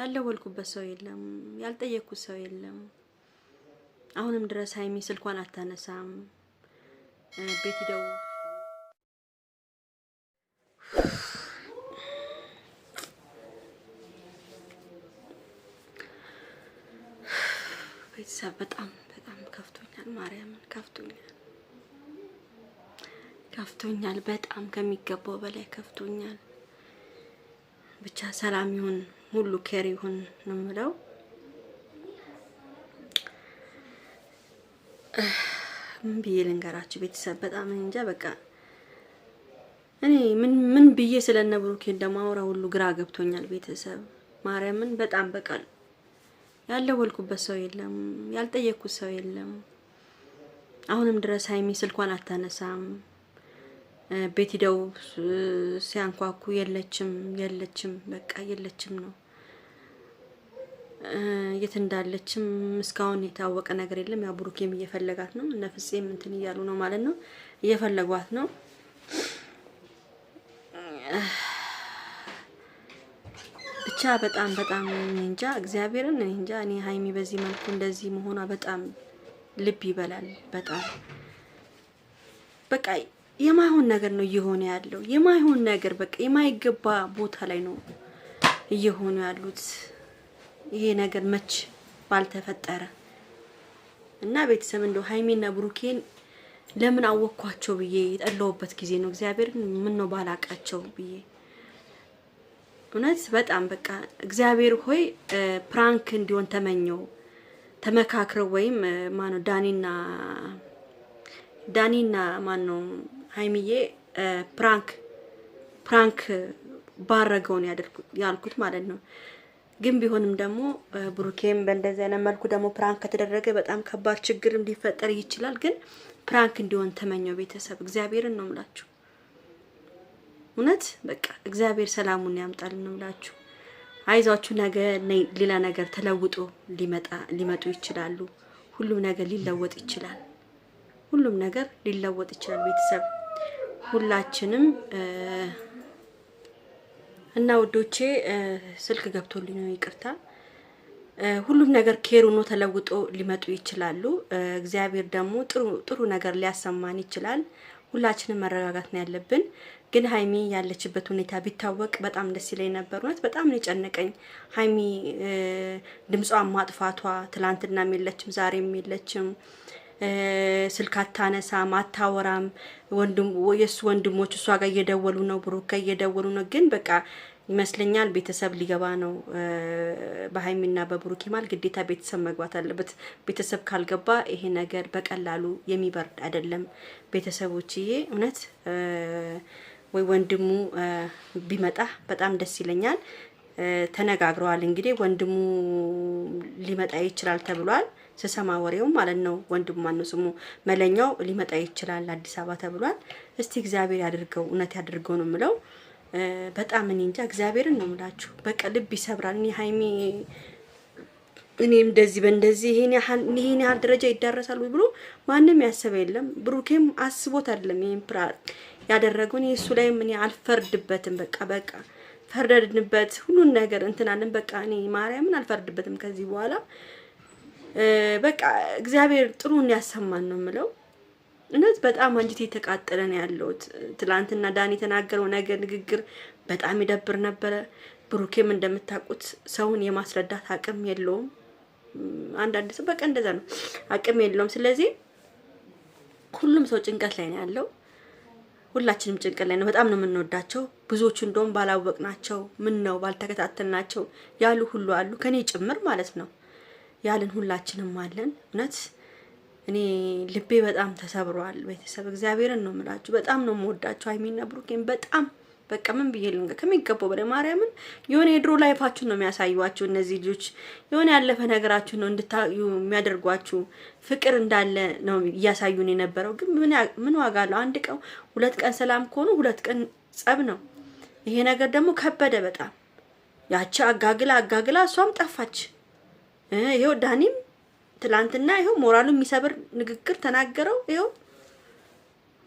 ያልደወልኩበት ሰው የለም፣ ያልጠየቅኩት ሰው የለም። አሁንም ድረስ ሀይሚ ስልኳን አታነሳም። ቤት ደው ቤተሰብ በጣም በጣም ከፍቶኛል። ማርያምን ከፍቶኛል፣ ከፍቶኛል። በጣም ከሚገባው በላይ ከፍቶኛል። ብቻ ሰላም ይሁን፣ ሁሉ ኬር ይሁን ነው የምለው። ምን ብዬ ልንገራችሁ ቤተሰብ፣ በጣም እንጃ በቃ እኔ ምን ምን ብዬ ስለነ ብሩኬ እንደማወራ ሁሉ ግራ ገብቶኛል ቤተሰብ። ማርያምን በጣም በቃል ያልደወልኩበት ሰው የለም፣ ያልጠየቅኩት ሰው የለም። አሁንም ድረስ ሀይሚ ስልኳን አታነሳም። ቤት ሂደው ሲያንኳኩ የለችም የለችም በቃ የለችም ነው። የት እንዳለችም እስካሁን የታወቀ ነገር የለም። ያ ብሩኬም እየፈለጋት ነው እና ፍፄም እንትን እያሉ ነው ማለት ነው፣ እየፈለጓት ነው። ብቻ በጣም በጣም እንጃ እግዚአብሔርን እንጃ። እኔ ሀይሚ በዚህ መልኩ እንደዚህ መሆኗ በጣም ልብ ይበላል። በጣም በቃ የማይሆን ነገር ነው እየሆነ ያለው። የማይሆን ነገር በቃ የማይገባ ቦታ ላይ ነው እየሆኑ ያሉት። ይሄ ነገር መች ባልተፈጠረ እና ቤተሰብ እንደው ሀይሜና ብሩኬን ለምን አወቅኳቸው ብዬ የጠለውበት ጊዜ ነው። እግዚአብሔርን ምን ነው ባላቃቸው ብዬ እውነት በጣም በቃ እግዚአብሔር ሆይ ፕራንክ እንዲሆን ተመኘው። ተመካክረው ወይም ማነው ዳኒና ዳኒና ማነው ሀይሚዬ ፕራንክ ፕራንክ ባረገውን ያልኩት ማለት ነው። ግን ቢሆንም ደግሞ ብሩኬም በእንደዚህ አይነት መልኩ ደግሞ ፕራንክ ከተደረገ በጣም ከባድ ችግርም ሊፈጠር ይችላል። ግን ፕራንክ እንዲሆን ተመኘው ቤተሰብ እግዚአብሔርን ነው ምላችሁ። እውነት በቃ እግዚአብሔር ሰላሙን ያምጣል ነው ምላችሁ። አይዟችሁ፣ ነገ ሌላ ነገር ተለውጦ ሊመጡ ይችላሉ። ሁሉም ነገር ሊለወጥ ይችላል። ሁሉም ነገር ሊለወጥ ይችላል ቤተሰብ ሁላችንም እና ውዶቼ ስልክ ገብቶልኝ ነው ይቅርታ። ሁሉም ነገር ኬር ሆኖ ተለውጦ ሊመጡ ይችላሉ። እግዚአብሔር ደግሞ ጥሩ ነገር ሊያሰማን ይችላል። ሁላችንም መረጋጋት ነው ያለብን። ግን ሀይሚ ያለችበት ሁኔታ ቢታወቅ በጣም ደስ ይለኝ ነበር። እውነት በጣም ነው የጨነቀኝ። ሀይሚ ድምጿን ማጥፋቷ ትላንትና የለችም ዛሬም የለችም ስልክ አታነሳም፣ አታወራም። የእሱ ወንድሞች እሷ ጋር እየደወሉ ነው፣ ብሩክ እየደወሉ ነው። ግን በቃ ይመስለኛል ቤተሰብ ሊገባ ነው። በሀይሚና በብሩክ ማል ግዴታ ቤተሰብ መግባት አለበት። ቤተሰብ ካልገባ ይሄ ነገር በቀላሉ የሚበርድ አይደለም። ቤተሰቦችዬ እውነት ወይ ወንድሙ ቢመጣ በጣም ደስ ይለኛል። ተነጋግረዋል እንግዲህ ወንድሙ ሊመጣ ይችላል ተብሏል። ስሰማ ወሬውም ማለት ነው። ወንድም ማነው ስሙ መለኛው ሊመጣ ይችላል አዲስ አበባ ተብሏል። እስቲ እግዚአብሔር ያድርገው፣ እውነት ያድርገው ነው የምለው። በጣም እኔ እንጃ እግዚአብሔርን ነው የምላችሁ። በቃ ልብ ይሰብራል። እኔ ሀይሚ እኔ እንደዚህ በእንደዚህ ይሄን ያህል ይሄን ያህል ደረጃ ይዳረሳሉ ብሎ ማንም ያሰበ የለም። ብሩኬም አስቦት አይደለም ይሄን ፕራር ያደረገው። እኔ እሱ ላይ ምን አልፈርድበትም። በቃ በቃ ፈርደድንበት ሁሉን ነገር እንትናለን። በቃ እኔ ማርያምን አልፈርድበትም ከዚህ በኋላ በቃ እግዚአብሔር ጥሩን ያሰማን ነው የምለው። እውነት በጣም አንጀቴ የተቃጠለ ነው ያለሁት። ትላንትና ዳን የተናገረው ነገር ንግግር በጣም ይደብር ነበረ። ብሩኬም እንደምታውቁት ሰውን የማስረዳት አቅም የለውም። አንዳንድ ሰው በቃ እንደዛ ነው፣ አቅም የለውም። ስለዚህ ሁሉም ሰው ጭንቀት ላይ ነው ያለው። ሁላችንም ጭንቀት ላይ ነው። በጣም ነው የምንወዳቸው። ብዙዎቹ እንደውም ባላወቅናቸው፣ ምን ነው ባልተከታተልናቸው ያሉ ሁሉ አሉ፣ ከኔ ጭምር ማለት ነው። ያልን ሁላችንም አለን። እውነት እኔ ልቤ በጣም ተሰብሯል። ቤተሰብ እግዚአብሔርን ነው የምላችሁ። በጣም ነው የምወዳችሁ ሀይሚና ብሩኬን በጣም በቃ ምን ብዬ ልንገር ከሚገባው በላይ ማርያምን የሆነ የድሮ ላይፋችሁ ነው የሚያሳዩዋችሁ። እነዚህ ልጆች የሆነ ያለፈ ነገራችሁ ነው እንድታዩ የሚያደርጓችሁ። ፍቅር እንዳለ ነው እያሳዩን የነበረው። ግን ምን ዋጋ አለው? አንድ ቀን ሁለት ቀን ሰላም ከሆኑ ሁለት ቀን ጸብ ነው። ይሄ ነገር ደግሞ ከበደ በጣም ያቺ አጋግላ አጋግላ እሷም ጠፋች። ይኸው ዳኒም ትላንትና ይኸው ሞራሉ የሚሰብር ንግግር ተናገረው። ይኸው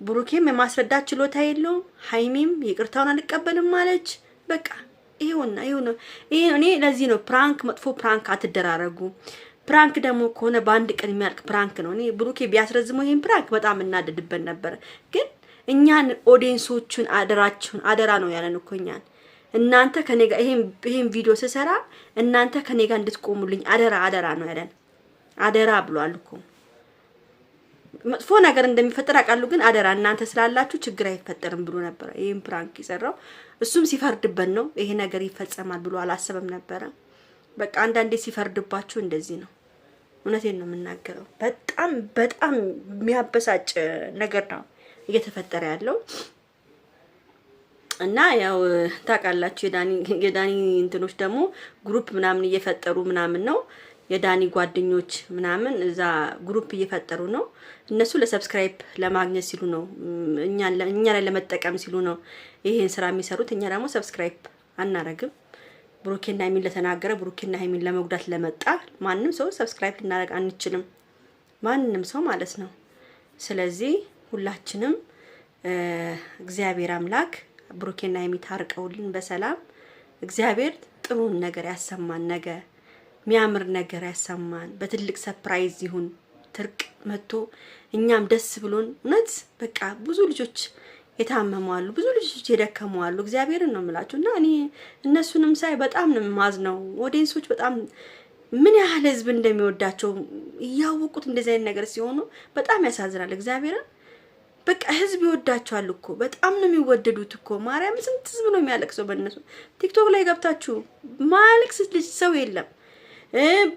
ብሩኬም የማስረዳት ችሎታ የለውም። ሀይሚም ይቅርታውን አልቀበልም አለች። በቃ ይኸውና ይሄው ነው። ይሄ እኔ ለዚህ ነው ፕራንክ፣ መጥፎ ፕራንክ አትደራረጉ። ፕራንክ ደግሞ ከሆነ በአንድ ቀን የሚያልቅ ፕራንክ ነው። እኔ ብሩኬ ቢያስረዝመው ይሄን ፕራንክ በጣም እናደድበት ነበር ግን እኛን ኦዲየንሶቹን አደራችሁን አደራ ነው ያለን እኮ እኛን እናንተ ከኔ ጋር ይሄን ቪዲዮ ስሰራ እናንተ ከኔ ጋር እንድትቆሙልኝ አደራ አደራ ነው ያለን። አደራ ብሏል እኮ መጥፎ ነገር እንደሚፈጠር አውቃለሁ፣ ግን አደራ እናንተ ስላላችሁ ችግር አይፈጠርም ብሎ ነበረ። ይህም ፕራንክ የሰራው እሱም ሲፈርድበት ነው። ይሄ ነገር ይፈጸማል ብሎ አላሰበም ነበረ። በቃ አንዳንዴ ሲፈርድባችሁ እንደዚህ ነው። እውነቴን ነው የምናገረው። በጣም በጣም የሚያበሳጭ ነገር ነው እየተፈጠረ ያለው። እና ያው ታውቃላችሁ የዳኒ እንትኖች ደግሞ ግሩፕ ምናምን እየፈጠሩ ምናምን ነው የዳኒ ጓደኞች ምናምን እዛ ግሩፕ እየፈጠሩ ነው። እነሱ ለሰብስክራይብ ለማግኘት ሲሉ ነው፣ እኛ ላይ ለመጠቀም ሲሉ ነው ይሄን ስራ የሚሰሩት። እኛ ደግሞ ሰብስክራይብ አናረግም። ብሩኬና ሀይሚን ለተናገረ ብሩኬና ሀይሚን ለመጉዳት ለመጣ ማንም ሰው ሰብስክራይብ ልናደርግ አንችልም፣ ማንም ሰው ማለት ነው። ስለዚህ ሁላችንም እግዚአብሔር አምላክ ብሩኬና የሚታርቀውልን በሰላም እግዚአብሔር ጥሩን ነገር ያሰማን፣ ነገ የሚያምር ነገር ያሰማን። በትልቅ ሰፕራይዝ ይሁን ትርቅ መጥቶ እኛም ደስ ብሎን እውነት በቃ ብዙ ልጆች የታመሟሉ፣ ብዙ ልጆች የደከመዋሉ። እግዚአብሔርን ነው የምላችሁ እና እኔ እነሱንም ሳይ በጣም ነው የማዝነው። ኦዲየንሶች በጣም ምን ያህል ህዝብ እንደሚወዳቸው እያወቁት እንደዚህ አይነት ነገር ሲሆኑ በጣም ያሳዝናል እግዚአብሔርን በቃ ህዝብ ይወዳቸዋል እኮ በጣም ነው የሚወደዱት እኮ ማርያም፣ ስንት ህዝብ ነው የሚያለቅሰው በእነሱ። ቲክቶክ ላይ ገብታችሁ ማለቅስ ልጅ ሰው የለም።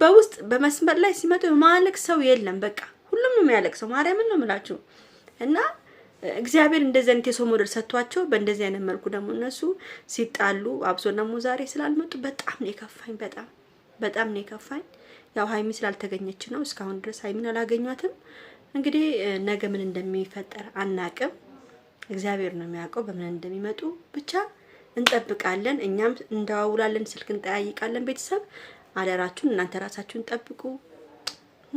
በውስጥ በመስመር ላይ ሲመጡ ማለቅ ሰው የለም። በቃ ሁሉም ነው የሚያለቅሰው። ማርያምን ነው የምላችሁ እና እግዚአብሔር እንደዚህ አይነት የሰው ሞዴል ሰጥቷቸው በእንደዚህ አይነት መልኩ ደግሞ እነሱ ሲጣሉ አብሶ ደግሞ ዛሬ ስላልመጡ በጣም ነው የከፋኝ። በጣም በጣም ነው የከፋኝ። ያው ሀይሚ ስላልተገኘች ነው እስካሁን ድረስ ሀይሚን አላገኟትም። እንግዲህ ነገ ምን እንደሚፈጠር አናቅም። እግዚአብሔር ነው የሚያውቀው በምን እንደሚመጡ ብቻ እንጠብቃለን። እኛም እንደዋውላለን፣ ስልክ እንጠያይቃለን። ቤተሰብ አደራችሁን እናንተ ራሳችሁን ጠብቁ።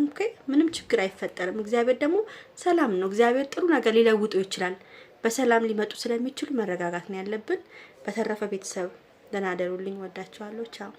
ኦኬ፣ ምንም ችግር አይፈጠርም። እግዚአብሔር ደግሞ ሰላም ነው። እግዚአብሔር ጥሩ ነገር ሊለውጠው ይችላል። በሰላም ሊመጡ ስለሚችሉ መረጋጋት ነው ያለብን። በተረፈ ቤተሰብ ደህና ደሩልኝ። ወዳችኋለሁ። ቻው